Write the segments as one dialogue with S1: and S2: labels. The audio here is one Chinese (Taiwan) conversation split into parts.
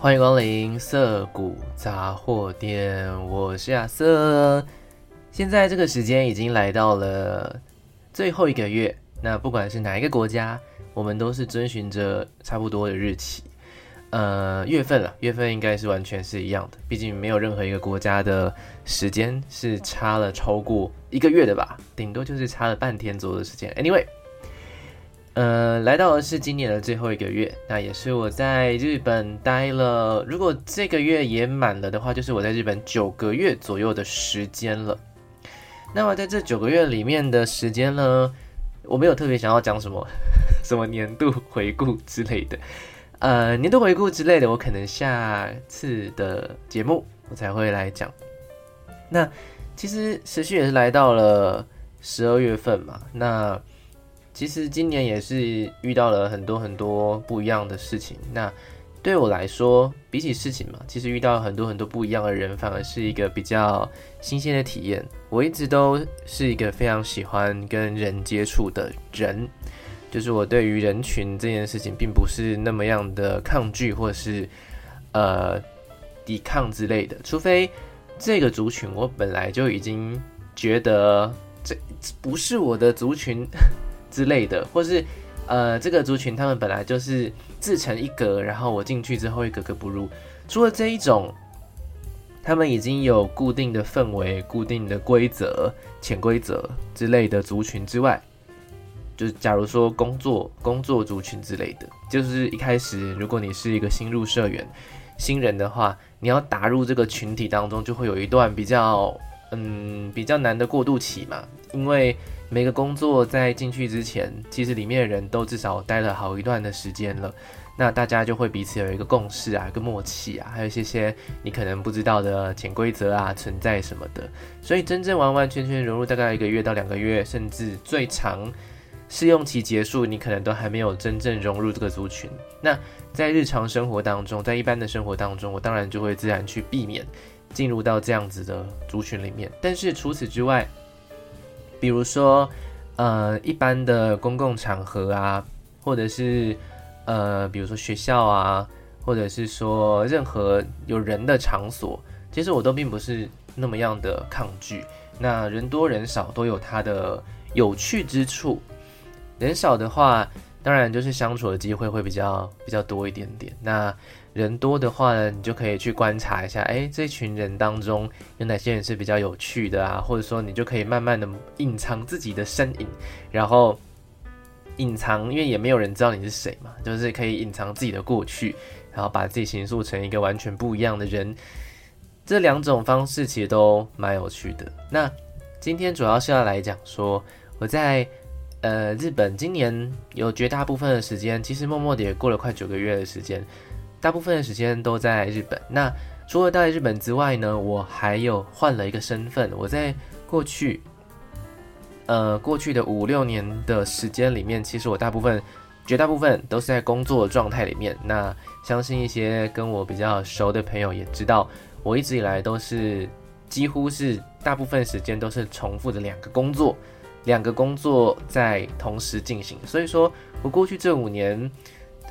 S1: 歡迎光臨瑟谷雜貨店，我是亞瑟。現在這個時間已經來到了最後一個月，那不管是哪一個國家，我們都是遵循着差不多的日期，呃，月份了，月份應該是完全是一樣的，畢竟沒有任何一個國家的時間是差了超過一個月的吧，頂多就是差了半天左右的時間。Anyway。呃，來到的是今年的最後一個月，那也是我在日本待了。如果這個月也滿了的話，就是我在日本九個月左右的時間了。那麼在這九個月裡面的時間呢，我沒有特別想要講什麼什麼年度回顧之類的。呃，年度回顧之類的，我可能下次的節目我才會來講。那其實時序也是來到了十二月份嘛，那，其實今年也是遇到了很多很多不一樣的事情。那對我來說，比起事情嘛，其實遇到很多很多不一樣的人，反而是一個比較新鮮的體驗。我一直都是一個非常喜歡跟人接觸的人，就是我對於人群這件事情，並不是那麼樣的抗拒或者是呃抵抗之類的。除非這個族群，我本來就已經覺得這不是我的族群。之類的，或是，呃，這個族群他們本來就是自成一格，然後我進去之後一格格不入。除了這一種，他們已經有固定的氛圍、固定的規則、潛規則之類的族群之外，就假如說工作、工作族群之類的，就是一開始如果你是一個新入社員、新人的話，你要打入這個群體當中，就會有一段比較，嗯，比較難的過渡期嘛，因為。每個工作在進去之前，其實裡面的人都至少待了好一段的時間了，那大家就會彼此有一個共識啊，一個默契啊，還有一些些你可能不知道的潛規則啊，存在什麼的。所以真正完完全全融入大概一個月到兩個月，甚至最長試用期結束，你可能都還沒有真正融入這個族群。那在日常生活當中，在一般的生活當中，我當然就會自然去避免進入到這樣子的族群裡面。但是除此之外，比如說，呃，一般的公共場合啊，或者是呃，比如說學校啊，或者是說任何有人的場所，其實我都並不是那麼樣的抗拒。那人多人少都有它的有趣之處。人少的話，當然就是相處的機會會比較比較多一點點。那人多的話呢，你就可以去觀察一下，誒、欸，這群人當中有哪些人是比較有趣的啊？或者說，你就可以慢慢的隱藏自己的身影，然後隱藏，因為也沒有人知道你是誰嘛，就是可以隱藏自己的過去，然後把自己形塑成一個完全不一樣的人。這兩種方式其實都蠻有趣的。那今天主要是要來講說，我在呃日本今年有絕大部分的時間，其實默默的也過了快九個月的時間。大部分的時間都在日本。那除了在日本之外呢，我還有換了一個身份。我在過去，呃，過去的五六年的時間裡面，其實我大部分、絕大部分都是在工作狀態裡面。那相信一些跟我比較熟的朋友也知道，我一直以來都是幾乎是大部分時間都是重複的兩個工作，兩個工作在同時進行。所以說我過去這五年。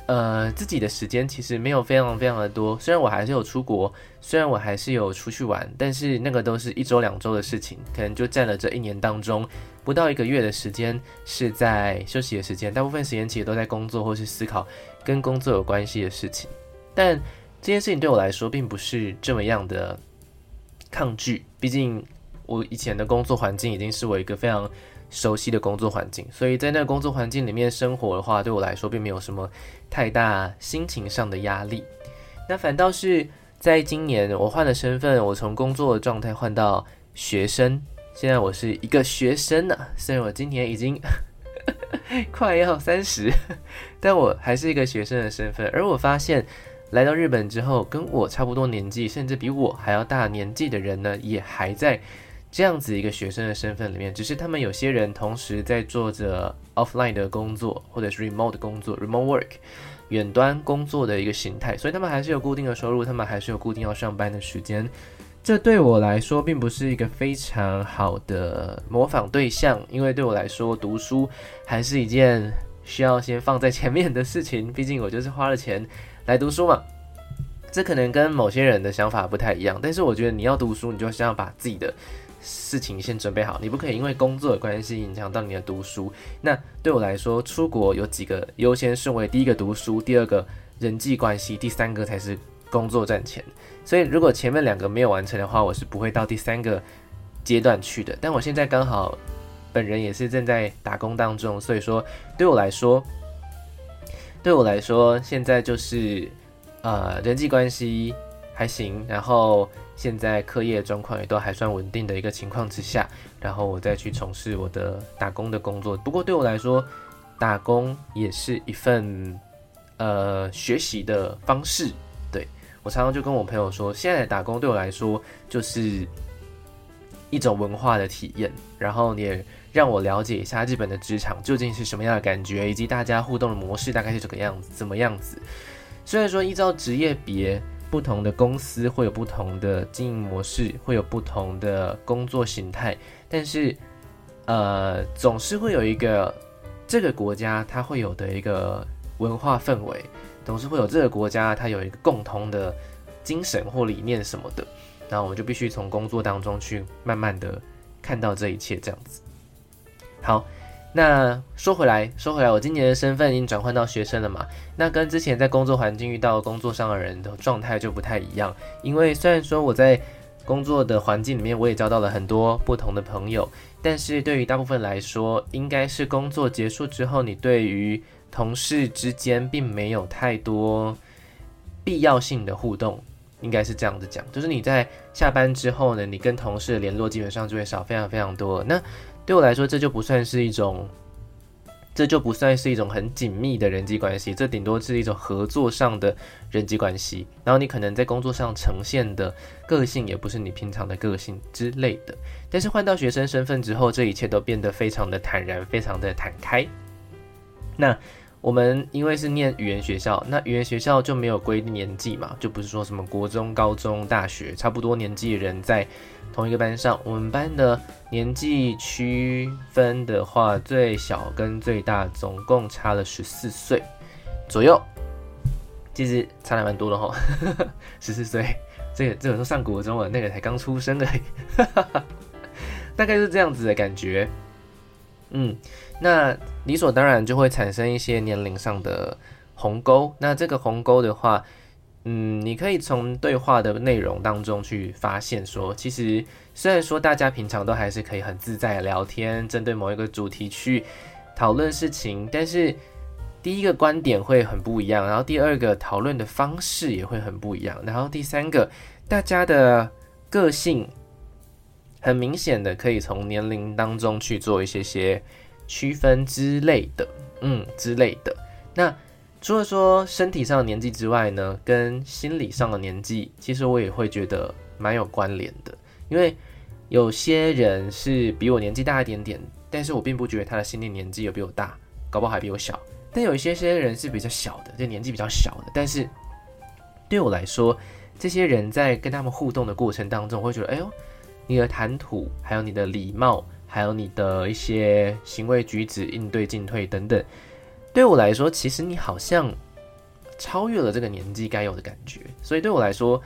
S1: 呃，自己的時間其實沒有非常非常的多。雖然我還是有出國，雖然我還是有出去玩，但是那個都是一周兩周的事情，可能就佔了這一年當中不到一個月的時間是在休息的時間。大部分時間其實都在工作或是思考跟工作有關係的事情。但這件事情對我來說並不是這麼樣的抗拒，畢竟我以前的工作環境已經是我一個非常。熟悉的工作環境，所以在那個工作環境裡面生活的話，對我來說並沒有什麼太大心情上的壓力。那反倒是，在今年我換了身份，我從工作的狀態換到學生。現在我是一個學生呢，雖然我今年已經 快要三十，但我還是一個學生的身份。而我發現，來到日本之後，跟我差不多年紀，甚至比我還要大年紀的人呢，也還在。這樣子一個學生的身份裡面，只是他們有些人同時在做着 offline 的工作，或者是 remote 的工作，remote work 遠端工作的一個形態，所以他們還是有固定的收入，他們還是有固定要上班的時間。這對我來說並不是一個非常好的模仿對象，因為對我來說讀書還是一件需要先放在前面的事情，畢竟我就是花了錢來讀書嘛。這可能跟某些人的想法不太一樣，但是我覺得你要讀書，你就先把自己的。事情先準備好，你不可以因為工作的關係影響到你的讀書。那對我來說，出國有幾個優先順位？第一個讀書，第二個人際關係，第三個才是工作賺錢。所以如果前面兩個沒有完成的話，我是不會到第三個階段去的。但我現在剛好本人也是正在打工當中，所以說，對我來說，對我來說現在就是呃，人際關係還行，然後。現在課業狀況也都還算穩定的一個情況之下，然後我再去從事我的打工的工作。不過對我來說，打工也是一份，呃，學習的方式。對。我常常就跟我朋友說，現在打工對我來說就是一種文化的體驗，然後你也讓我了解一下日本的職場究竟是什麼樣的感覺，以及大家互動的模式大概是這個樣子，怎麼樣子。雖然說依照職業別。不同的公司會有不同的經營模式，會有不同的工作形態，但是，呃，總是會有一個這個國家它會有的一個文化氛圍，總是會有這個國家它有一個共同的精神或理念什麼的。那我們就必須從工作當中去慢慢的看到這一切，這樣子。好。那說回來，說回來，我今年的身份已經轉換到學生了嘛。那跟之前在工作環境遇到工作上的人的狀態就不太一樣。因為雖然說我在工作的環境裡面，我也交到了很多不同的朋友，但是對於大部分來說，應該是工作結束之後，你對於同事之間並沒有太多必要性的互動，應該是這樣子講。就是你在下班之後呢，你跟同事的聯絡基本上就會少，非常非常多。那。對我來說，這就不算是一種，這就不算是一種很緊密的人際關係，這頂多是一種合作上的人際關係。然後你可能在工作上呈現的個性，也不是你平常的個性之類的。但是換到學生身份之後，這一切都變得非常的坦然，非常的坦開。那。我們因為是念語言學校，那語言學校就沒有規定年紀嘛，就不是說什麼國中、高中、大學，差不多年紀的人在同一個班上。我們班的年紀區分的話，最小跟最大總共差了十四歲左右，其實差的蠻多的哈、哦，十 四歲，這個這個都上國中了，那個才剛出生的， 大概是這樣子的感覺。嗯，那理所當然就會產生一些年齡上的鴻溝。那這個鴻溝的話，嗯，你可以從對話的內容當中去發現說，說其實雖然說大家平常都還是可以很自在的聊天，針對某一個主題去討論事情，但是第一個觀點會很不一樣，然後第二個討論的方式也會很不一樣，然後第三個大家的個性。很明顯的可以從年齡當中去做一些些區分之類的，嗯、之類的。那除了說身體上的年紀之外呢，跟心理上的年紀，其實我也會覺得蠻有關聯的。因為有些人是比我年紀大一點點，但是我並不覺得他的心理年紀有比我大，搞不好還比我小。但有一些些人是比較小的，就年紀比較小的，但是對我來說，這些人在跟他們互動的過程當中，我會覺得，哎呦，你的談吐，還有你的禮貌，還有你的一些行為舉止、應對進退等等，對我來說，其實你好像超越了這個年紀該有的感覺。所以對我來說，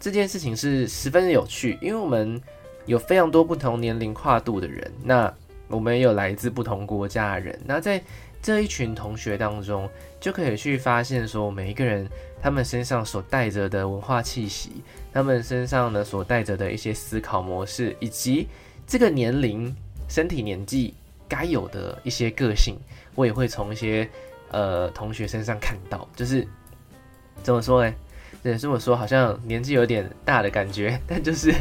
S1: 這件事情是十分的有趣，因為我們有非常多不同年齡跨度的人，那我們也有來自不同國家的人。那在這一群同學當中，就可以去發現，說每一個人他們身上所帶着的文化氣息，他們身上呢所帶着的一些思考模式，以及這個年齡、身體年紀該有的一些個性，我也會從一些呃同學身上看到。就是怎麼說呢？這麼說，好像年紀有點大的感覺，但就是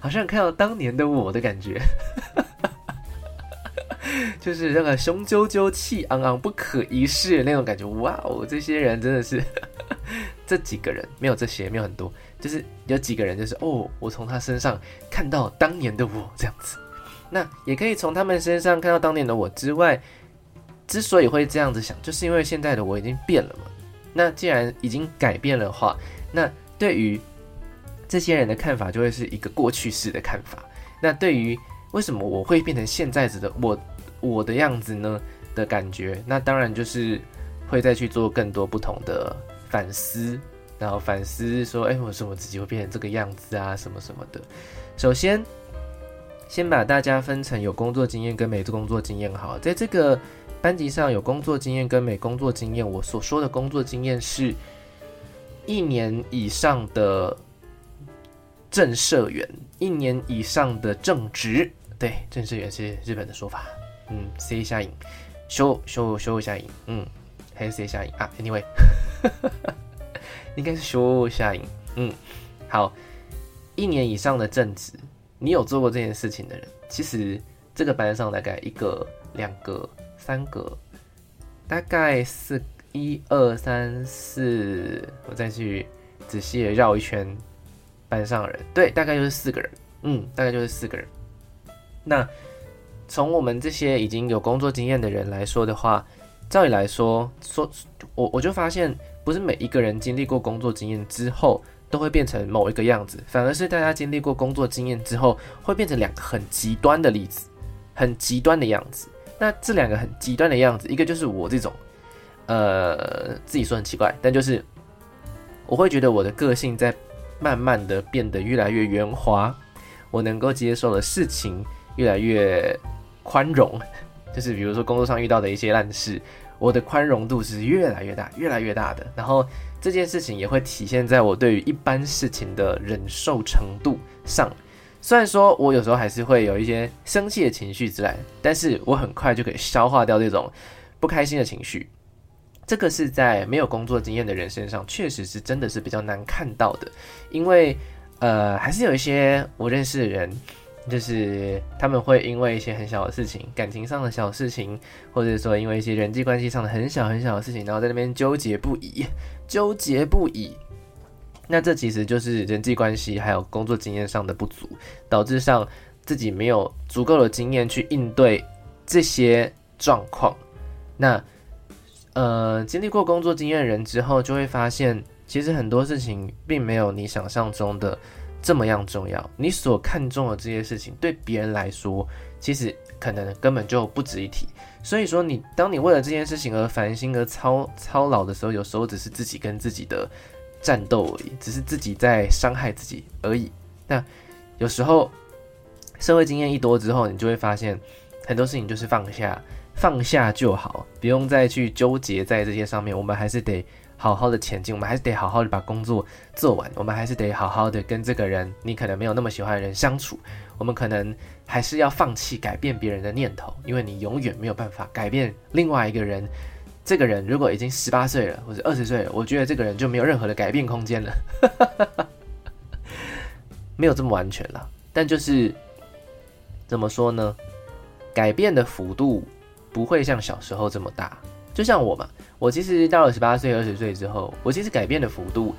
S1: 好像看到當年的我的感覺。 就是那個雄赳赳、氣昂昂、不可一世的那種感覺。哇哦，這些人真的是，呵呵這幾個人沒有這些，沒有很多，就是有幾個人，就是哦，我從他身上看到當年的我這樣子。那也可以從他們身上看到當年的我之外，之所以會這樣子想，就是因為現在的我已經變了嘛。那既然已經改變的話，那對於這些人的看法就會是一個過去式的看法。那對於為什麼我會變成現在子的我？我的樣子呢的感覺，那當然就是會再去做更多不同的反思，然後反思說，哎、欸，為什麼自己會變成這個樣子啊，什麼什麼的。首先，先把大家分成有工作經驗跟沒工作經驗。好，在這個班級上有工作經驗跟沒工作經驗。我所說的工作經驗是一年以上的正社員，一年以上的正職。對，正社員是日本的說法。嗯，C 下影，修修修一下影，嗯，還是 C 下影啊？Anyway， 應該是修下影，嗯，好，一年以上的正職，你有做過這件事情的人，其實這個班上大概一個、兩個、三個，大概四、一、二、三、四，我再去仔細的繞一圈班上的人，對，大概就是四個人，嗯，大概就是四個人，那。從我們這些已經有工作經驗的人來說的話，照理來說，說，我我就發現，不是每一個人經歷過工作經驗之後都會變成某一個樣子，反而是大家經歷過工作經驗之後，會變成兩個很極端的例子，很極端的樣子。那這兩個很極端的樣子，一個就是我這種，呃，自己說很奇怪，但就是，我會覺得我的個性在慢慢的變得越來越圓滑，我能夠接受的事情越來越寬容，就是比如說工作上遇到的一些爛事，我的寬容度是越來越大，越來越大的。然後這件事情也會體現在我對於一般事情的忍受程度上。雖然說我有時候還是會有一些生氣的情緒之類，但是我很快就可以消化掉這種不開心的情緒。這個是在沒有工作經驗的人身上，確實是真的是比較難看到的，因為呃，還是有一些我認識的人。就是他們會因為一些很小的事情，感情上的小事情，或者說因為一些人際關係上的很小很小的事情，然後在那邊糾結不已，糾結不已。那這其實就是人際關係還有工作經驗上的不足，導致上自己沒有足夠的經驗去應對這些狀況。那呃，經歷過工作經驗的人之後，就會發現其實很多事情並沒有你想象中的。這麼樣重要，你所看重的這些事情，對別人來說，其實可能根本就不值一提。所以說你，你當你為了這件事情而煩心而操操勞的時候，有時候只是自己跟自己的戰鬥而已，只是自己在傷害自己而已。那有時候社會經驗一多之後，你就會發現很多事情就是放下，放下就好，不用再去糾結在這些上面。我們還是得。好好的前進，我們還是得好好的把工作做完。我們還是得好好的跟這個人，你可能沒有那麼喜歡的人相處。我們可能還是要放棄改變別人的念頭，因為你永遠沒有辦法改變另外一個人。這個人如果已經十八歲了，或者二十歲了，我覺得這個人就沒有任何的改變空間了， 沒有這麼完全了。但就是怎麼說呢？改變的幅度不會像小時候這麼大。就像我嘛，我其實到了十八歲、二十歲之後，我其實改變的幅度，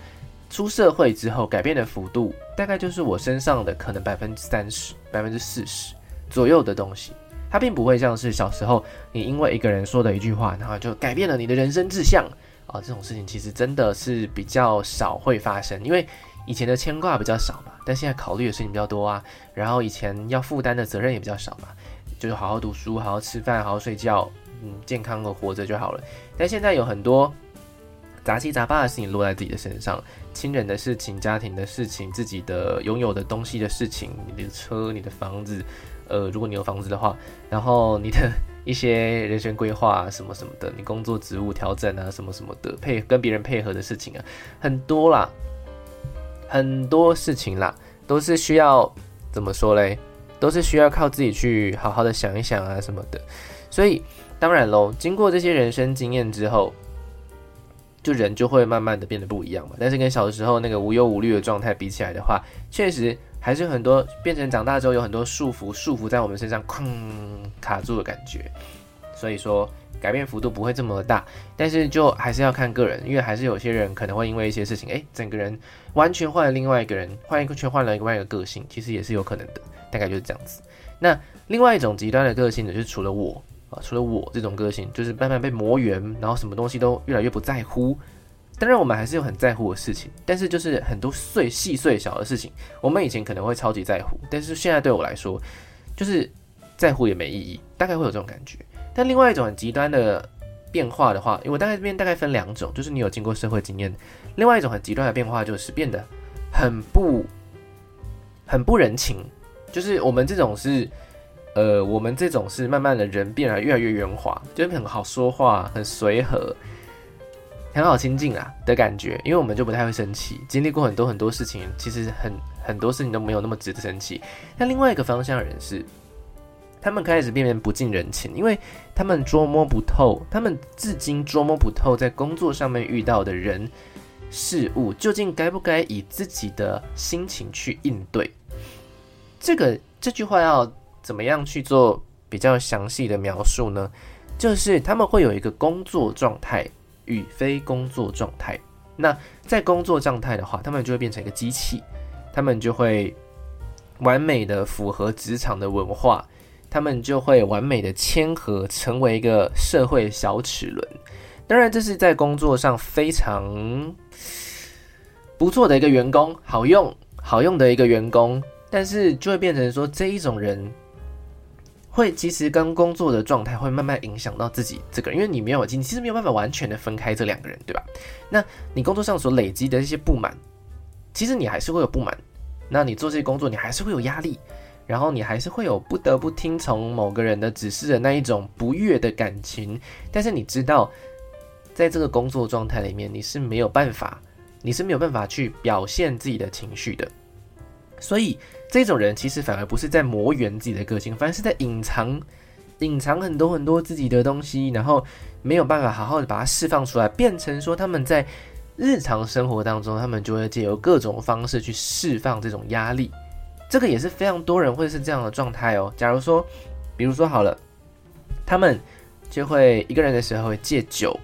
S1: 出社會之後改變的幅度，大概就是我身上的可能百分之三十、百分之四十左右的東西，它並不會像是小時候你因為一個人說的一句話，然後就改變了你的人生志向啊，哦，這種事情其實真的是比較少會發生，因為以前的牽掛比較少嘛，但現在考慮的事情比較多啊，然後以前要負擔的責任也比較少嘛，就是好好讀書、好好吃飯、好好睡覺。嗯，健康的活着就好了。但現在有很多雜七雜八的事情落在自己的身上，親人的事情、家庭的事情、自己的擁有的東西的事情，你的車、你的房子，呃，如果你有房子的話，然後你的一些人生規劃，啊，什麼什麼的，你工作職務調整啊，什麼什麼的，配跟別人配合的事情啊，很多啦，很多事情啦，都是需要怎麼說嘞？都是需要靠自己去好好的想一想啊，什麼的，所以。當然嘍，經過這些人生經驗之後，就人就會慢慢的變得不一樣嘛。但是跟小時候那個無憂無慮的狀態比起來的話，確實還是很多變成長大之後有很多束縛，束縛在我們身上，哐，卡住的感覺。所以說，改變幅度不會這麼大，但是就還是要看個人，因為還是有些人可能會因為一些事情，哎、欸，整個人完全換了另外一個人，換一,一個圈，換了另外一個個性，其實也是有可能的。大概就是這樣子。那另外一種極端的個性呢，就是除了我。啊，除了我這種個性，就是慢慢被磨圓，然後什麼東西都越來越不在乎。當然，我們還是有很在乎的事情，但是就是很多碎細碎小的事情，我們以前可能會超級在乎，但是現在對我來說，就是在乎也沒意義，大概會有這種感覺。但另外一種很極端的變化的話，因為我大概這邊大概分兩種，就是你有經過社會經驗，另外一種很極端的變化就是變得很不很不人情，就是我們這種是。呃，我們這種是慢慢的人變得越來越圓滑，就是很好說話、很隨和、很好親近啊的感覺。因為我們就不太會生氣，經歷過很多很多事情，其實很很多事情都沒有那麼值得生氣。但另外一個方向的人是，他們開始變得不近人情，因為他們捉摸不透，他們至今捉摸不透，在工作上面遇到的人事物究竟該不該以自己的心情去應對。這個這句話要。怎麼樣去做比較詳細的描述呢？就是他們會有一個工作狀態與非工作狀態。那在工作狀態的話，他們就會變成一個機器，他們就會完美的符合職場的文化，他們就會完美的謙和，成為一個社會小齒輪。當然，這是在工作上非常不錯的一個員工，好用好用的一個員工。但是就會變成說這一種人。會其實跟工作的狀態會慢慢影響到自己這個，因為你沒有，你其實沒有辦法完全的分開這兩個人，對吧？那你工作上所累積的一些不滿，其實你還是會有不滿。那你做這些工作，你還是會有壓力，然後你還是會有不得不聽從某個人的指示的那一種不悅的感情。但是你知道，在這個工作狀態裡面，你是沒有辦法，你是沒有辦法去表現自己的情緒的。所以這種人其實反而不是在磨圓自己的個性，反而是在隱藏、隱藏很多很多自己的東西，然後沒有辦法好好的把它釋放出來，變成說他們在日常生活當中，他們就會借由各種方式去釋放這種壓力。這個也是非常多人會是這樣的狀態哦。假如說，比如說好了，他們就會一個人的時候會戒酒。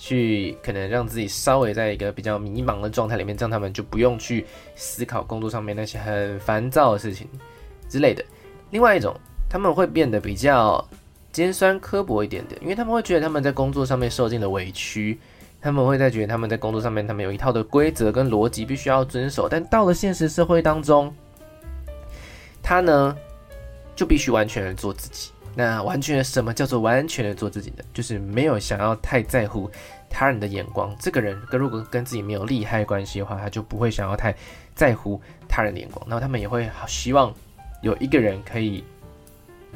S1: 去可能讓自己稍微在一個比較迷茫的狀態裡面，這樣他們就不用去思考工作上面那些很煩躁的事情之類的。另外一種，他們會變得比較尖酸刻薄一點點，因為他們會覺得他們在工作上面受盡了委屈，他們會再覺得他們在工作上面他們有一套的規則跟邏輯必須要遵守，但到了現實社會當中，他呢，就必須完全做自己。那完全什麼叫做完全的做自己呢？就是沒有想要太在乎他人的眼光。這個人跟如果跟自己沒有利害關係的話，他就不會想要太在乎他人的眼光。然後他們也會好希望有一個人可以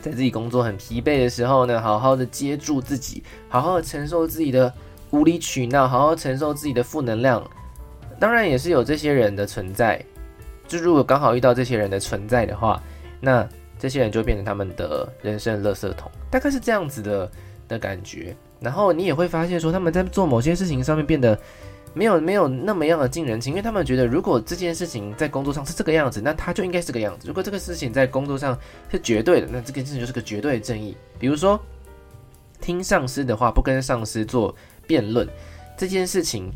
S1: 在自己工作很疲憊的時候呢，好好的接住自己，好好的承受自己的無理取鬧，好好承受自己的負能量。當然也是有這些人的存在，就如果剛好遇到這些人的存在的話，那。這些人就會變成他們的人生垃圾桶，大概是這樣子的的感覺。然後你也會發現說，他們在做某些事情上面變得沒有沒有那麼樣的近人情，因為他們覺得，如果這件事情在工作上是這個樣子，那他就應該是這個樣子；如果這個事情在工作上是絕對的，那這個事情就是個絕對的正義。比如說，聽上司的話，不跟上司做辯論，這件事情，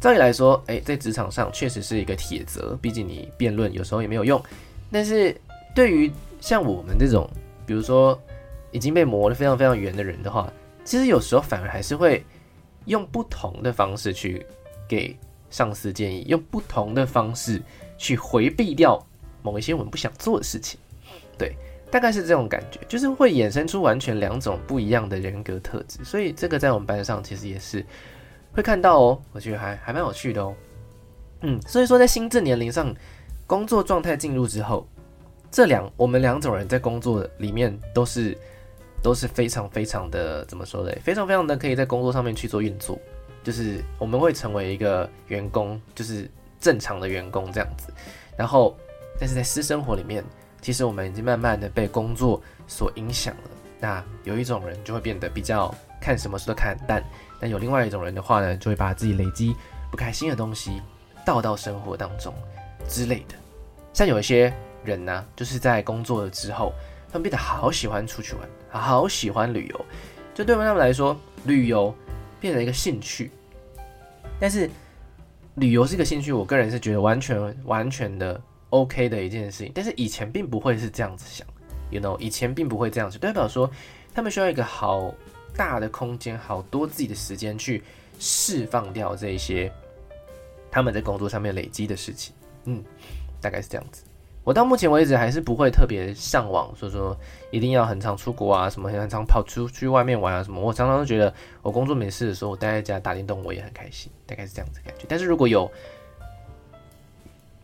S1: 照理來說，誒，在職場上確實是一個鐵則，畢竟你辯論有時候也沒有用。但是對於像我們這種，比如說已經被磨得非常非常圓的人的話，其實有時候反而還是會用不同的方式去給上司建議，用不同的方式去回避掉某一些我們不想做的事情。對，大概是這種感覺，就是會衍生出完全兩種不一樣的人格特質。所以這個在我們班上其實也是會看到哦，我覺得還還蠻有趣的哦。嗯，所以說在心智年齡上，工作狀態進入之後。這兩我們兩種人在工作裡面都是都是非常非常的怎麼說嘞？非常非常的可以在工作上面去做運作，就是我們會成為一個員工，就是正常的員工這樣子。然後，但是在私生活裡面，其實我們已經慢慢的被工作所影響了。那有一種人就會變得比較看什麼事都看淡但，但有另外一種人的話呢，就會把自己累積不開心的東西倒到、到生活當中之類的，像有一些。人呢、啊，就是在工作了之後，他們變得好喜歡出去玩，好、好喜歡旅遊。就對他們來說，旅遊變成一個興趣。但是旅遊是一個興趣，我個人是覺得完全完全的 OK 的一件事情。但是以前並不會是這樣子想，You know，以前並不會這樣子。代表說，他們需要一個好大的空間，好多自己的時間去釋放掉這一些他們在工作上面累積的事情。嗯，大概是這樣子。我到目前為止還是不會特別嚮往，所以說一定要很常出國啊，什麼很常跑出去外面玩啊，什麼。我常常都覺得，我工作沒事的時候，我待在家打電動，我也很開心，大概是這樣子的感覺。但是如果有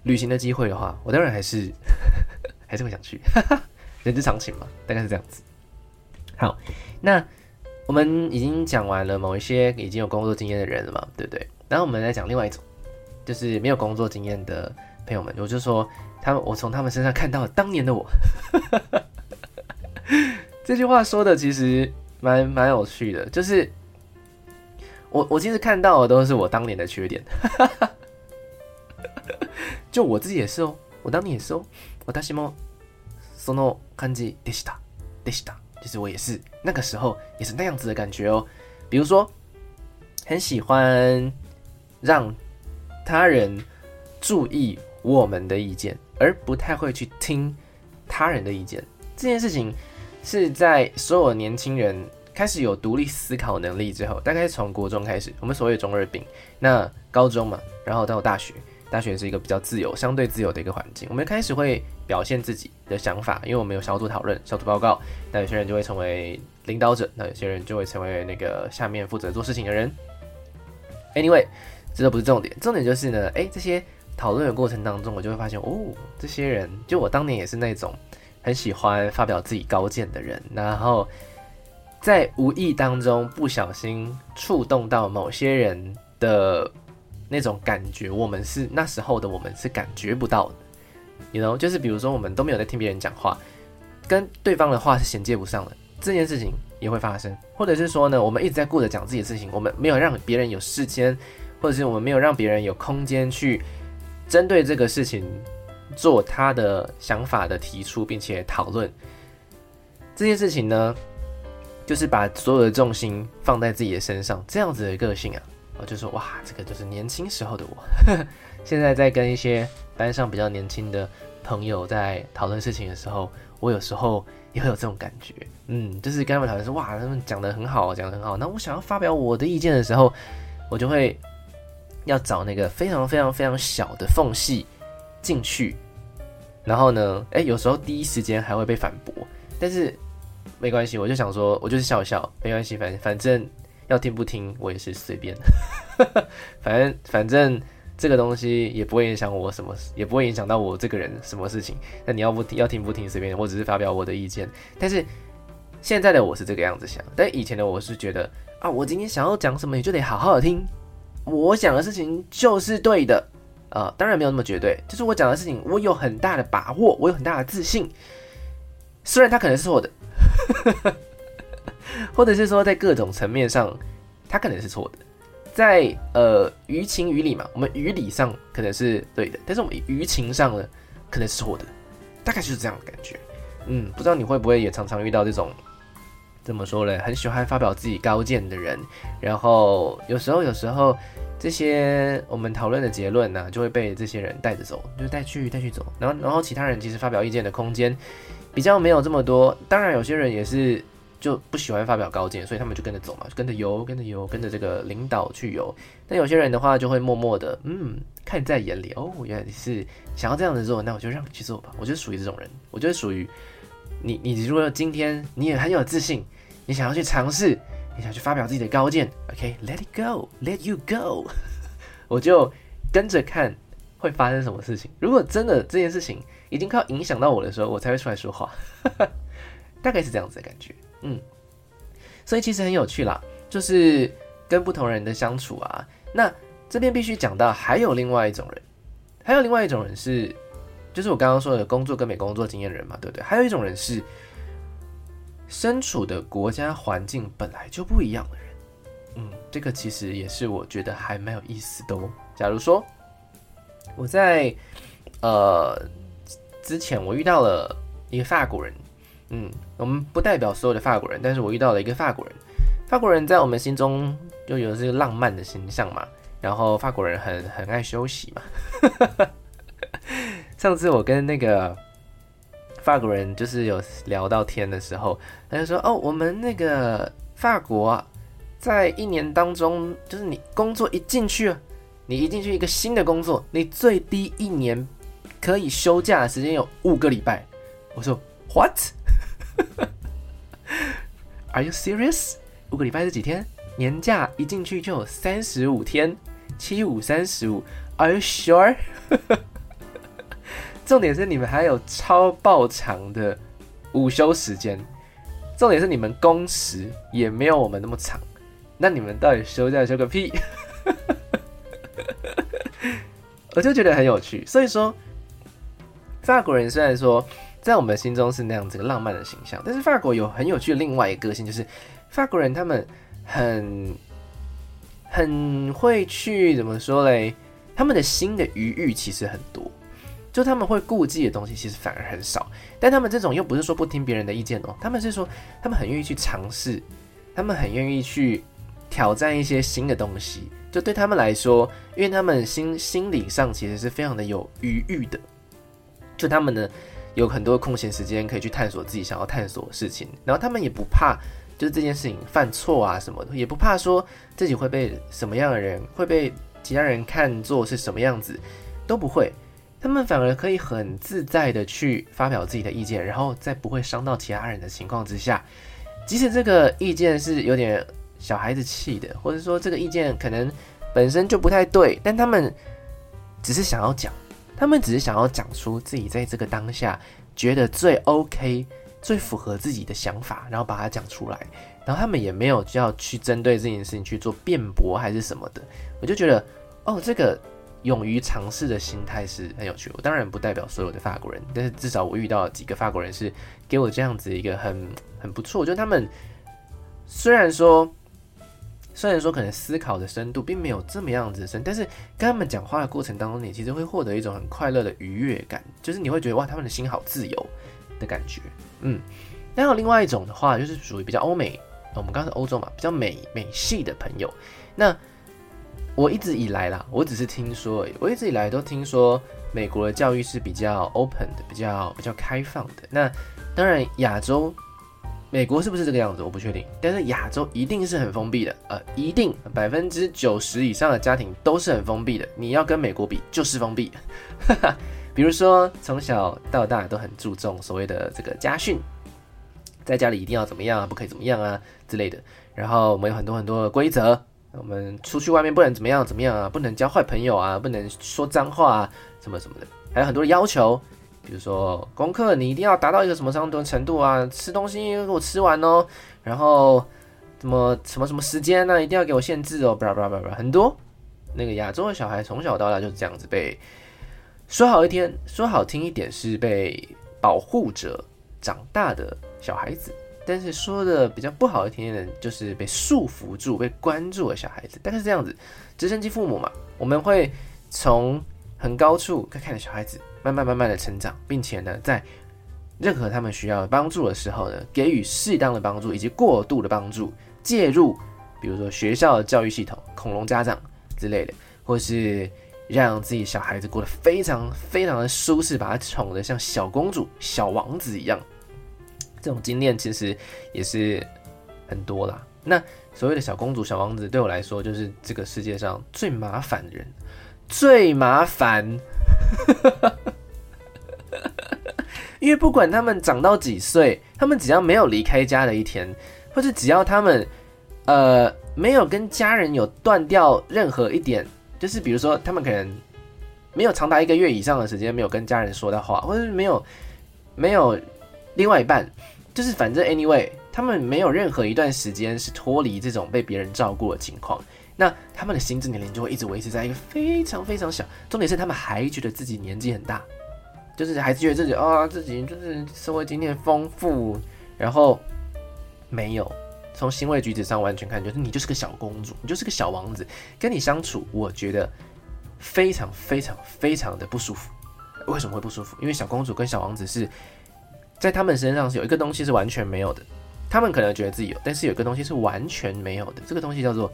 S1: 旅行的機會的話，我當然還是呵呵還是會想去，哈哈，人之常情嘛，大概是這樣子。好，那我們已經講完了某一些已經有工作經驗的人了嘛，對不對？然後我們來講另外一種，就是沒有工作經驗的。朋友們，我就說，他們，我從他們身上看到了當年的我。 這句話說的其實蠻蠻有趣的，就是我我其實看到的都是我當年的缺點。 就我自己也是哦，我當年也是哦。私も，そんな感じでした、でした其實我也是，那個時候也是那樣子的感覺哦。比如說，很喜歡讓他人注意。我們的意見，而不太會去聽他人的意見。這件事情是在所有年輕人開始有獨立思考能力之後，大概從國中開始。我們所謂有中二病，那高中嘛，然後到大學，大學也是一個比較自由、相對自由的一個環境。我們開始會表現自己的想法，因為我們有小組討論、小組報告。那有些人就會成為領導者，那有些人就會成為那個下面負責做事情的人。Anyway，這都不是重點，重點就是呢，哎，這些。討論的過程當中，我就會發現，哦，這些人就我當年也是那種很喜歡發表自己高見的人，然後在無意當中不小心觸動到某些人的那種感覺，我們是那時候的我們是感覺不到的 you know，就是比如說我們都沒有在聽別人講話，跟對方的話是銜接不上的，這件事情也會發生，或者是說呢，我們一直在顧着講自己的事情，我們沒有讓別人有時間，或者是我們沒有讓別人有空間去。針對這個事情做他的想法的提出，並且討論這件事情呢，就是把所有的重心放在自己的身上。這樣子的個性啊，我就說哇，這個就是年輕時候的我。 現在在跟一些班上比較年輕的朋友在討論事情的時候，我有時候也會有這種感覺。嗯，就是跟他們討論說哇，他們講得很好，講得很好。那我想要發表我的意見的時候，我就會。要找那個非常非常非常小的縫隙進去，然後呢，誒、欸，有時候第一時間還會被反駁，但是沒關係，我就想說，我就是笑笑，沒關係，反反正要聽不聽，我也是隨便， 反正反正這個東西也不會影響我什麼，也不會影響到我這個人什麼事情。那你要不要聽不聽隨便，我只是發表我的意見。但是現在的我是這個樣子想，但以前的我是覺得啊，我今天想要講什麼，你就得好好的聽。我講的事情就是對的，呃，當然沒有那麼絕對，就是我講的事情，我有很大的把握，我有很大的自信。雖然他可能是錯的， 或者是說在各種層面上，他可能是錯的。在呃，於情於理嘛，我們於理上可能是對的，但是我們於情上呢，可能是錯的，大概就是這樣的感覺。嗯，不知道你會不會也常常遇到這種。這麼說嘞，很喜歡发表自己高見的人，然後有時候有時候這些我們討論的結論呢，就會被這些人帶着走，就帶去帶去走。然後然後其他人其實发表意見的空間比較沒有這麼多。當然，有些人也是就不喜歡发表高見，所以他們就跟着走嘛，就跟着游跟着游跟着這個領導去游。但有些人的話，就會默默的嗯看你在眼裡哦，原來你是想要這樣子做，那我就讓你去做吧。我就是屬於這種人，我就是屬於你你如果今天你也很有自信。你想要去嘗試，你想要去發表自己的高見，OK，Let it go，Let you go， 我就跟着看會發生什麼事情。如果真的這件事情已經靠影響到我的時候，我才會出來說話， 大概是這樣子的感覺，嗯。所以其實很有趣啦，就是跟不同人的相處啊。那這邊必須講到還有另外一種人，還有另外一種人是，就是我剛剛說的工作跟沒工作經驗人嘛，對不對？還有一種人是，身處的國家環境本來就不一樣的人，嗯，這個其實也是我覺得還蠻有意思的哦。假如說我在呃之前我遇到了一個法國人，嗯，我們不代表所有的法國人，但是我遇到了一個法國人。法國人在我們心中就有這個浪漫的形象嘛，然後法國人很很愛休息嘛。 上次我跟那個。法國人就是有聊到天的時候，他就說：“哦，我們那個法國在一年當中，就是你工作一進去，你一進去一個新的工作，你最低一年可以休假的時間有五個禮拜。”我說：“What? Are you serious? 五個禮拜是幾天？年假一進去就有三十五天，七五三十五。Are you sure?” 重點是你們還有超爆長的午休時間，重點是你們工時也沒有我們那麼長，那你們到底休假休個屁？ 我就覺得很有趣。所以說，法國人雖然說在我們心中是那樣子浪漫的形象，但是法國有很有趣的另外一個個性，就是法國人他們很很會去怎麼說嘞？他們的心的餘裕其實很多。就他們會顧忌的東西，其實反而很少。但他們這種又不是說不聽別人的意見哦，他們是說他們很願意去嘗試，他們很願意去挑戰一些新的東西。就對他們來說，因為他們心心理上其實是非常的有餘裕的，就他們呢有很多空閒時間可以去探索自己想要探索的事情。然後他們也不怕就是這件事情犯錯啊什麼的，也不怕說自己會被什麼樣的人會被其他人看作是什麼樣子，都不會。他們反而可以很自在的去發表自己的意見，然後在不會傷到其他人的情況之下，即使這個意見是有點小孩子氣的，或者說這個意見可能本身就不太對，但他們只是想要講，他們只是想要講出自己在這個當下覺得最 OK、最符合自己的想法，然後把它講出來，然後他們也沒有就要去針對這件事情去做辯駁還是什麼的，我就覺得哦，這個。勇於嘗試的心態是很有趣的。我當然不代表所有的法國人，但是至少我遇到幾個法國人是給我這樣子一個很很不錯。就他們雖然說，雖然說可能思考的深度並沒有這麼樣子的深，但是跟他們講話的過程當中，你其實會獲得一種很快樂的愉悅感，就是你會覺得哇，他們的心好自由的感覺。嗯，那還有另外一種的話，就是屬於比較歐美，我們剛才是歐洲嘛，比較美美系的朋友，那。我一直以來啦，我只是聽說、欸，我一直以來都聽說美國的教育是比較 open 的，比較比較開放的。那當然，亞洲美國是不是這個樣子，我不確定。但是亞洲一定是很封閉的，呃，一定百分之九十以上的家庭都是很封閉的。你要跟美國比，就是封閉。 比如說從小到大都很注重所謂的這個家訓，在家裡一定要怎麼樣啊，不可以怎麼樣啊之類的。然後我們有很多很多的規則。我們出去外面不能怎麼樣怎麼樣啊，不能交壞朋友啊，不能說髒話，啊，什麼什麼的，還有很多的要求。比如說功課你一定要達到一個什麼什麼程度啊，吃東西給我吃完哦，然後什麼什麼什麼時間呢、啊，一定要給我限制哦，blah blah blah blah，很多。那個亞洲的小孩從小到大就是這樣子被說好一天，說好聽一點是被保護着長大的小孩子。但是說的比較不好的一點呢，就是被束縛住、被關注的小孩子。大概是這樣子，直升機父母嘛，我們會從很高處看着小孩子，慢慢慢慢的成長，並且呢，在任何他們需要幫助的時候呢，給予適當的幫助以及過度的幫助介入，比如說學校的教育系統、恐龍家長之類的，或是讓自己小孩子過得非常非常的舒適，把他寵得像小公主、小王子一樣。這種經驗其實也是很多啦。那所謂的小公主、小王子，對我來說就是這個世界上最麻煩的人，最麻煩。 因為不管他們長到幾歲，他們只要沒有離開家的一天，或是只要他們呃沒有跟家人有斷掉任何一點，就是比如說他們可能沒有長達一個月以上的時間沒有跟家人說的話，或者沒有沒有另外一半。就是反正 anyway，他們沒有任何一段時間是脫離這種被別人照顧的情況，那他們的心智年齡就會一直維持在一個非常非常小。重點是他們還覺得自己年紀很大，就是還是覺得自己啊、哦、自己就是社會經驗豐富，然後沒有從行為舉止上完全看，就是你就是個小公主，你就是個小王子，跟你相處我覺得非常非常非常的不舒服。為什麼會不舒服？因為小公主跟小王子是。在他們身上是有一個東西是完全沒有的，他們可能覺得自己有，但是有一個東西是完全沒有的，這個東西叫做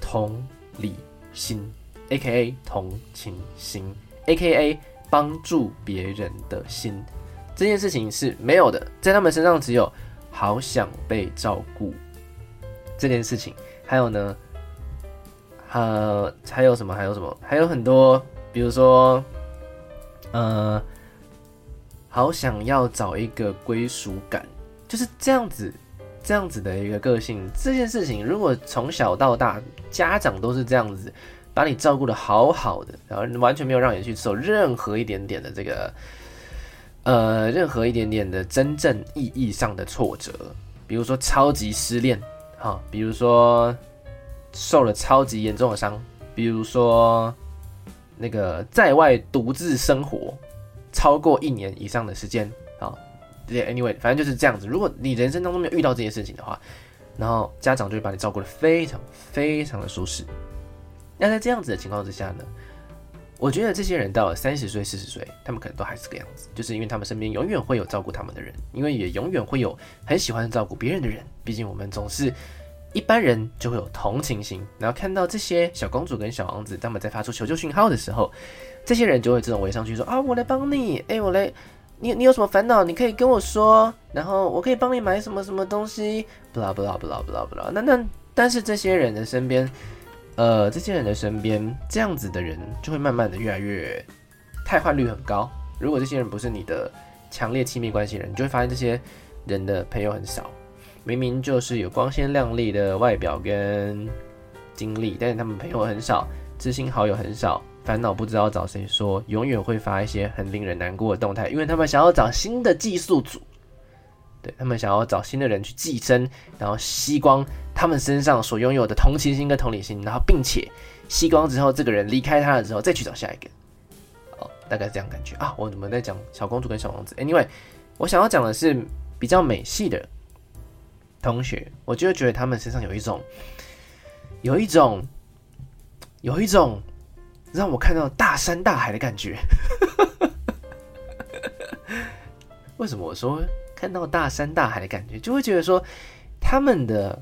S1: 同理心，A.K.A. 同情心，A.K.A. 幫助別人的心，這件事情是沒有的，在他們身上只有好想被照顧這件事情，還有呢，呃，還有什麼？還有什麼？還有很多，比如說，呃。好想要找一個歸屬感，就是這樣子，這樣子的一個個性。這件事情如果從小到大，家長都是這樣子，把你照顧得好好的，然後完全沒有讓你去受任何一點點的這個，呃，任何一點點的真正意義上的挫折，比如說超級失戀，哈，比如說受了超級嚴重的傷，比如說那個在外獨自生活。超過一年以上的時間啊，好，對 anyway 反正就是這樣子。如果你人生當中沒有遇到這些事情的話，然後家長就會把你照顧得非常非常的舒適。那在這樣子的情況之下呢，我覺得這些人到了三十歲、四十歲，他們可能都還是個樣子，就是因為他們身邊永遠會有照顧他們的人，因為也永遠會有很喜歡照顧別人的人。畢竟我們總是一般人就會有同情心，然後看到這些小公主跟小王子他們在發出求救訊號的時候。這些人就會自動圍上去說，啊，我來幫你，誒、欸，我來，你你有什麼煩惱，你可以跟我說，然後我可以幫你買什麼什麼東西，不啦不啦不啦不啦不啦。那那但是這些人的身邊，呃，這些人的身邊，這樣子的人就會慢慢的越來越，汰換率很高。如果這些人不是你的強烈親密關係人，你就會發現這些人的朋友很少，明明就是有光鮮亮麗的外表跟經歷，但是他們朋友很少，知心好友很少。煩惱不知道找誰說，永遠會發一些很令人難過的動態，因為他們想要找新的技術組，對，他們想要找新的人去寄生，然後吸光他們身上所擁有的同情心跟同理心，然後並且吸光之後，這個人離開他了之後，再去找下一個。哦，大概是這樣感覺啊。我怎麼在講小公主跟小王子？Anyway，我想要講的是比較美系的同學，我就覺得他們身上有一種，有一種，有一種。讓我看到大山大海的感覺。 為什麼我說看到大山大海的感覺，就會覺得說，他們的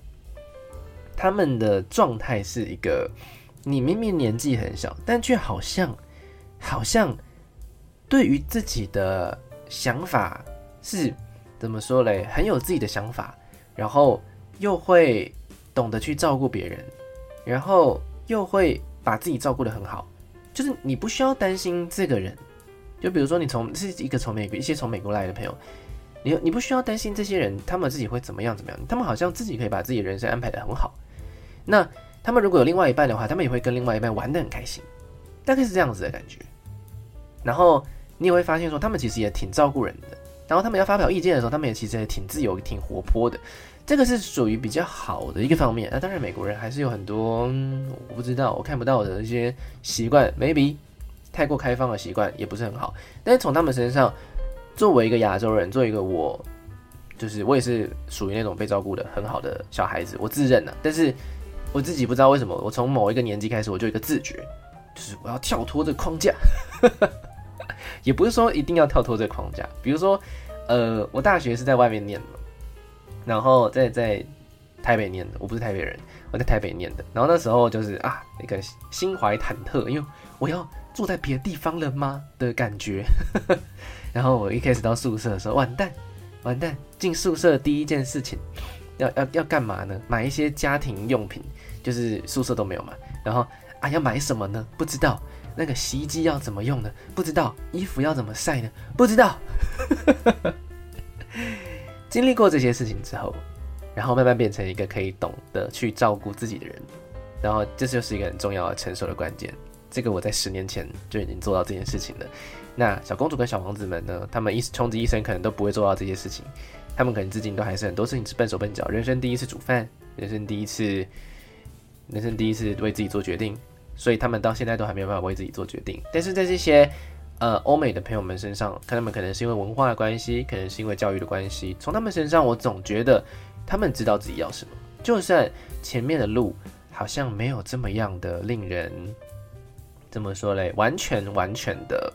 S1: 他們的狀態是一個，你明明年紀很小，但卻好像好像對於自己的想法是怎麼說嘞？很有自己的想法，然後又會懂得去照顧別人，然後又會把自己照顧得很好。就是你不需要擔心這個人，就比如說你從是一個從美國、一些從美國來的朋友，你你不需要擔心這些人他們自己會怎麼樣怎麼樣，他們好像自己可以把自己人生安排得很好。那他們如果有另外一半的話，他們也會跟另外一半玩得很開心，大概是這樣子的感覺。然後你也會發現說，他們其實也挺照顧人的。然後他們要發表意見的時候，他們也其實也挺自由、挺活潑的。這個是屬於比較好的一個方面那、啊、當然美國人還是有很多我不知道我看不到的一些習慣，maybe 太過開放的習慣也不是很好。但是從他們身上，作為一個亞洲人，作為一個我，就是我也是屬於那種被照顧的很好的小孩子，我自認了。但是我自己不知道為什麼，我從某一個年紀開始，我就有一個自覺，就是我要跳脫這個框架， 也不是說一定要跳脫這個框架。比如說，呃，我大學是在外面念的嘛。然後在在台北念的，我不是台北人，我在台北念的。然後那時候就是啊，一個心懷忐忑，因為我要住在別的地方了嗎的感覺。 然後我一開始到宿舍的時候，完蛋，完蛋！進宿舍第一件事情，要要要幹嘛呢？買一些家庭用品，就是宿舍都沒有嘛。然後啊，要買什麼呢？不知道。那個洗衣機要怎麼用呢？不知道。衣服要怎麼曬呢？不知道。 經歷過這些事情之後，然後慢慢變成一個可以懂得去照顧自己的人，然後這就是一個很重要的成熟的關鍵。這個我在十年前就已經做到這件事情了。那小公主跟小王子們呢，他們一窮極一生可能都不會做到這些事情，他們可能至今都還是很多事情是笨手笨腳。人生第一次煮飯，人生第一次，人生第一次為自己做決定，所以他們到現在都還沒有辦法為自己做決定。但是在這些呃，歐美的朋友們身上，看他們可能是因為文化的關係，可能是因為教育的關係，從他們身上，我總覺得他們知道自己要什麼，就算前面的路好像沒有這麼樣的令人怎麼說嘞？完全完全的，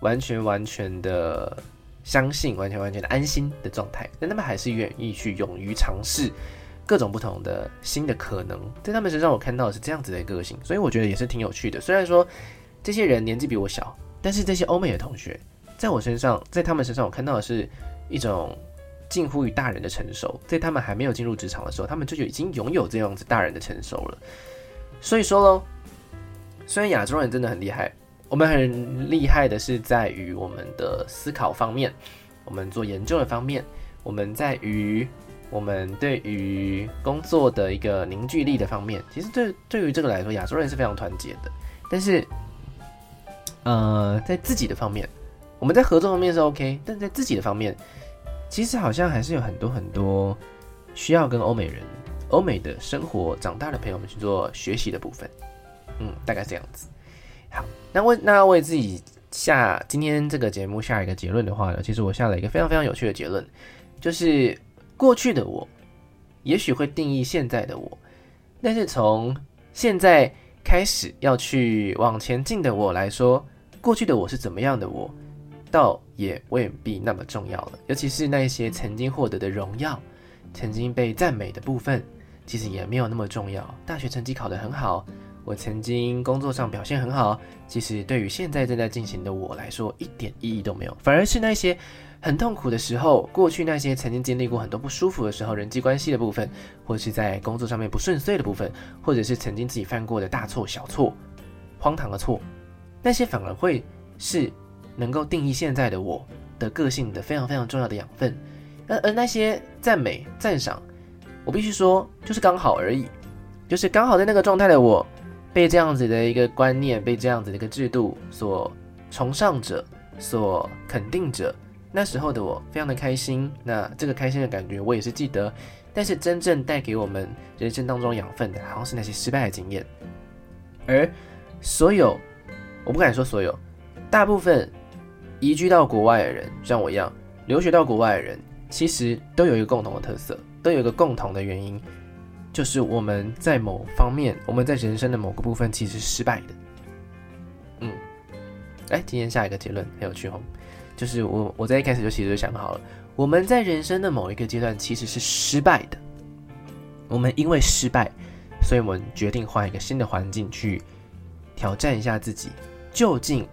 S1: 完全完全的相信，完全完全的安心的狀態，但他們還是願意去勇於嘗試各種不同的新的可能，在他們身上，我看到的是這樣子的個性，所以我覺得也是挺有趣的。雖然說這些人年紀比我小。但是這些歐美的同學，在我身上，在他們身上，我看到的是，一種近乎於大人的成熟。在他們還沒有進入職場的時候，他們就已經擁有這樣子大人的成熟了。所以說嘍，雖然亞洲人真的很厲害，我們很厲害的是在於我們的思考方面，我們做研究的方面，我們在於我們對於工作的一個凝聚力的方面。其實對對於這個來說，亞洲人是非常團結的，但是。呃，在自己的方面，我們在合作方面是 OK，但在自己的方面，其實好像還是有很多很多需要跟歐美人、歐美的生活長大的朋友們去做學習的部分。嗯，大概是這樣子。好，那為那為自己下今天這個節目下一個結論的話呢，其實我下了一個非常非常有趣的結論，就是過去的我也許會定義現在的我，但是從現在開始要去往前進的我來說。過去的我是怎麼樣的我，我倒也未必那麼重要了。尤其是那些曾經獲得的榮耀，曾經被讚美的部分，其實也沒有那麼重要。大學成績考得很好，我曾經工作上表現很好，其實對於現在正在進行的我來說，一點意義都沒有。反而是那些很痛苦的時候，過去那些曾經經歷過很多不舒服的時候，人際關係的部分，或是在工作上面不順遂的部分，或者是曾經自己犯過的大錯、小錯、荒唐的錯。那些反而會是能夠定義現在的我的個性的非常非常重要的養分，那而那些讚美、讚賞，我必須說，就是剛好而已，就是剛好在那個狀態的我，被這樣子的一個觀念、被這樣子的一個制度所崇尚著、所肯定著，那時候的我非常的開心。那這個開心的感覺我也是記得，但是真正帶給我們人生當中養分的，好像是那些失敗的經驗，而所有。我不敢說所有，大部分移居到國外的人，像我一樣留學到國外的人，其實都有一個共同的特色，都有一個共同的原因，就是我們在某方面，我們在人生的某個部分其實是失敗的。嗯，哎，今天下一個結論很有趣哦，就是我我在一開始就其實就想好了，我們在人生的某一個階段其實是失敗的，我們因為失敗，所以我們決定換一個新的環境去挑戰一下自己。究竟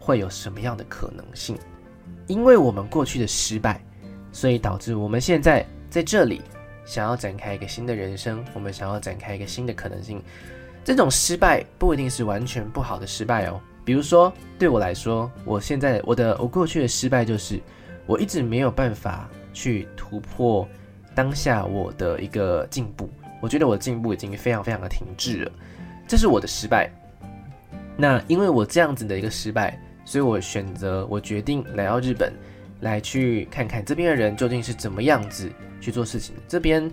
S1: 會有什麼樣的可能性？因為我們過去的失敗，所以導致我們現在在這裡想要展開一個新的人生，我們想要展開一個新的可能性。這種失敗不一定是完全不好的失敗哦。比如說，對我來說，我現在我的我過去的失敗就是我一直沒有辦法去突破當下我的一個進步，我覺得我的進步已經非常非常的停滯了，這是我的失敗。那因為我這樣子的一個失敗，所以我選擇我決定來到日本，來去看看這邊的人究竟是怎麼樣子去做事情，這邊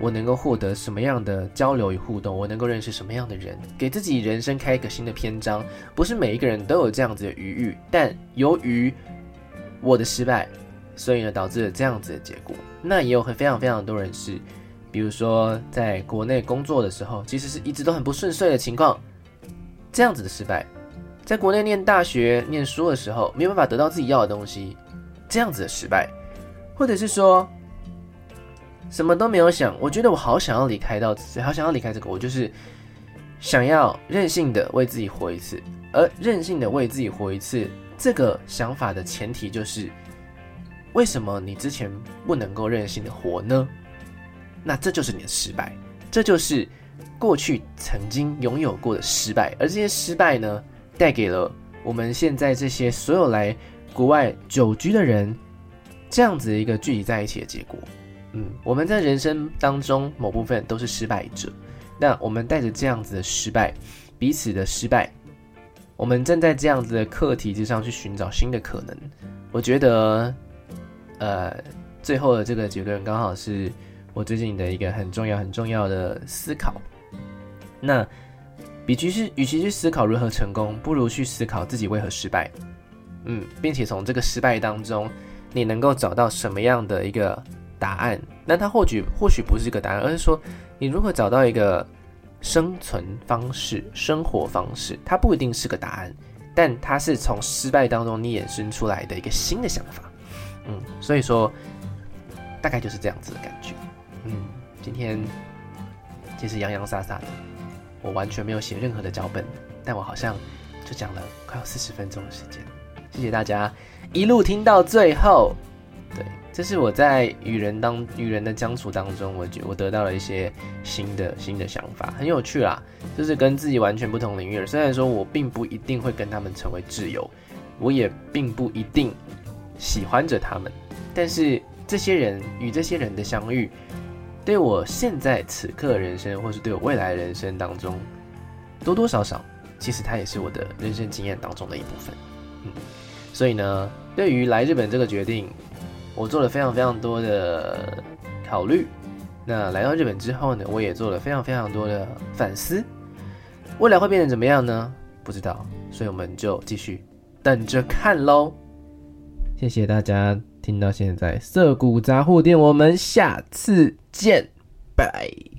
S1: 我能夠獲得什麼樣的交流與互動，我能夠認識什麼樣的人，給自己人生開一個新的篇章。不是每一個人都有這樣子的餘裕，但由於我的失敗，所以呢導致了這樣子的結果。那也有很非常非常多人是，比如說在國內工作的時候，其實是一直都很不順遂的情況。這樣子的失敗，在國內念大學、念書的時候，沒有辦法得到自己要的東西，這樣子的失敗，或者是說，什麼都沒有想，我覺得我好想要離開到，好想要離開這個，我就是想要任性的為自己活一次。而任性的為自己活一次，這個想法的前提就是，為什麼你之前不能夠任性的活呢？那這就是你的失敗，這就是。過去曾經擁有過的失敗，而這些失敗呢，帶給了我們現在這些所有來國外久居的人這樣子一個聚集在一起的結果。嗯，我們在人生當中某部分都是失敗者，那我們帶着這樣子的失敗，彼此的失敗，我們站在這樣子的課題之上去尋找新的可能。我覺得，呃，最後的這個結論剛好是我最近的一個很重要、很重要的思考。那，與其是與其去思考如何成功，不如去思考自己為何失敗。嗯，並且從這個失敗當中，你能夠找到什麼樣的一個答案？那它或許或許不是一個答案，而是說你如何找到一個生存方式、生活方式？它不一定是個答案，但它是從失敗當中你衍生出來的一個新的想法。嗯，所以說大概就是這樣子的感覺。嗯，今天其實洋洋灑灑的。我完全沒有寫任何的腳本，但我好像就講了快要四十分鐘的時間。謝謝大家一路聽到最後。對，這是我在與人當與人的相處當中，我覺得我得到了一些新的新的想法，很有趣啦。就是跟自己完全不同領域，雖然說我並不一定會跟他們成為摯友，我也並不一定喜歡着他們，但是這些人與這些人的相遇。對我現在此刻的人生，或是對我未來人生當中，多多少少，其實它也是我的人生經驗當中的一部分。嗯，所以呢，對於來日本這個決定，我做了非常非常多的考慮。那來到日本之後呢，我也做了非常非常多的反思。未來會變成怎麼樣呢？不知道，所以我們就繼續等着看嘍。謝謝大家。聽到現在，瑟谷雜貨店，我們下次見，拜拜。